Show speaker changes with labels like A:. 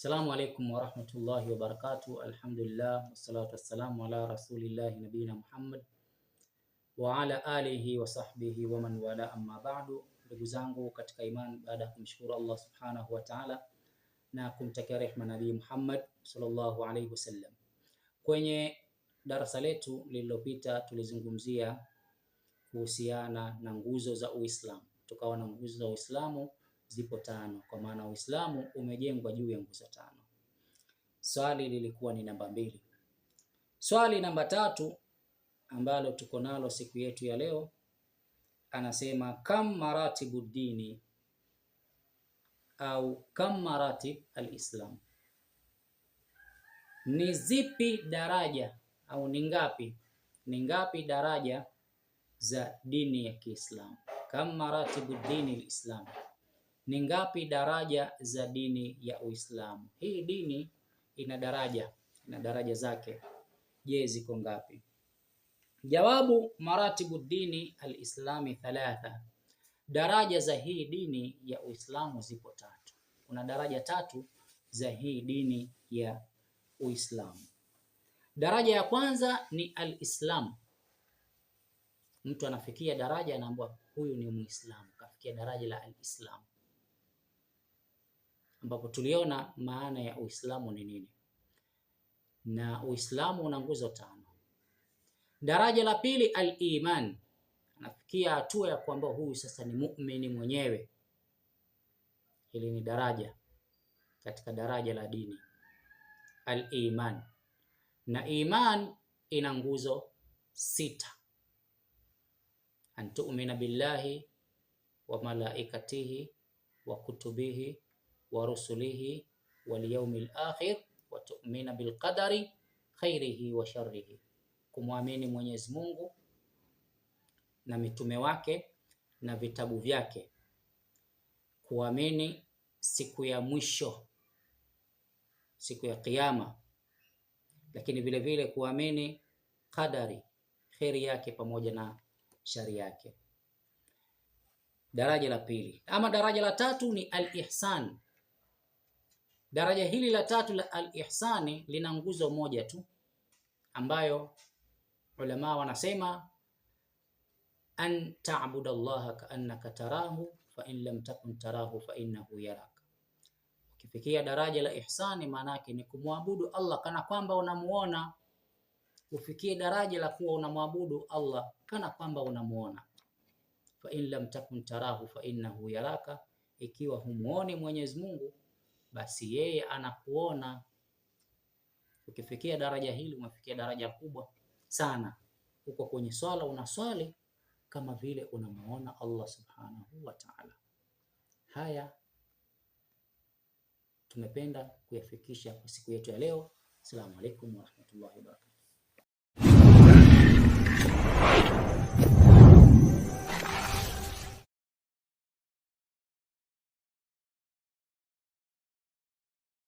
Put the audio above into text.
A: Assalamu alaikum warahmatullahi wabarakatuh. Alhamdulillah wassalatu wassalamu ala rasulillahi nabiyina Muhammad wa ala alihi wa sahbihi wa man wala, amma ba'du. Ndugu zangu katika iman baada ya kumshukuru Allah subhanahu wa ta'ala na kumtakia rehma Nabii Muhammad sallallahu alaihi wasallam, kwenye darasa letu lililopita tulizungumzia kuhusiana na nguzo za Uislamu, tukawa na nguzo za Uislamu zipo tano, kwa maana Uislamu umejengwa juu ya nguzo tano. Swali lilikuwa ni namba mbili. Swali namba tatu ambalo tuko nalo siku yetu ya leo anasema kam maratibu dini au kam maratib alislam, ni zipi daraja au ni ngapi, ni ngapi daraja za dini ya Kiislamu? Kam maratibu dini alislam ni ngapi daraja za dini ya Uislamu? Hii dini ina daraja, ina daraja zake. Je, ziko ngapi? Jawabu, maratibu dini alislami thalatha, daraja za hii dini ya Uislamu zipo tatu. Kuna daraja tatu za hii dini ya Uislamu. Daraja ya kwanza ni alislam. Mtu anafikia daraja anaambiwa huyu ni Muislamu, kafikia daraja la alislam ambapo tuliona maana ya Uislamu ni nini, na Uislamu una nguzo tano. Daraja la pili al-iman, anafikia hatua ya kwamba huyu sasa ni muumini mwenyewe. Hili ni daraja katika daraja la dini al-iman, na iman ina nguzo sita: antumina billahi wa malaikatihi wa kutubihi wa rusulihi wal yawmil akhir wa tu'mina bil qadari khairihi wa sharrihi, kumwamini Mwenyezi Mungu na mitume wake na vitabu vyake, kuamini siku ya mwisho, siku ya Kiyama, lakini vile vile kuamini qadari, kheri yake pamoja na shari yake. Daraja la pili ama daraja la tatu ni al-ihsan Daraja hili la tatu la al-ihsani lina nguzo moja tu ambayo ulama wanasema an ta'budu Allaha kaannaka tarahu fa in lam takun tarahu fa innahu yarak. Ukifikia daraja la ihsani, maana yake ni kumwabudu Allah kana kwamba unamuona. Ufikie daraja la kuwa unamwabudu Allah kana kwamba unamuona. Fa in lam takun tarahu fa innahu yaraka, ikiwa humuoni Mwenyezi Mungu basi yeye anakuona ukifikia daraja hili, umefikia daraja kubwa sana. Uko kwenye swala, unaswali kama vile unamuona Allah subhanahu wa ta'ala. Haya tumependa kuyafikisha kwa siku yetu ya leo. Assalamu alaikum warahmatullahi wabarakatuh.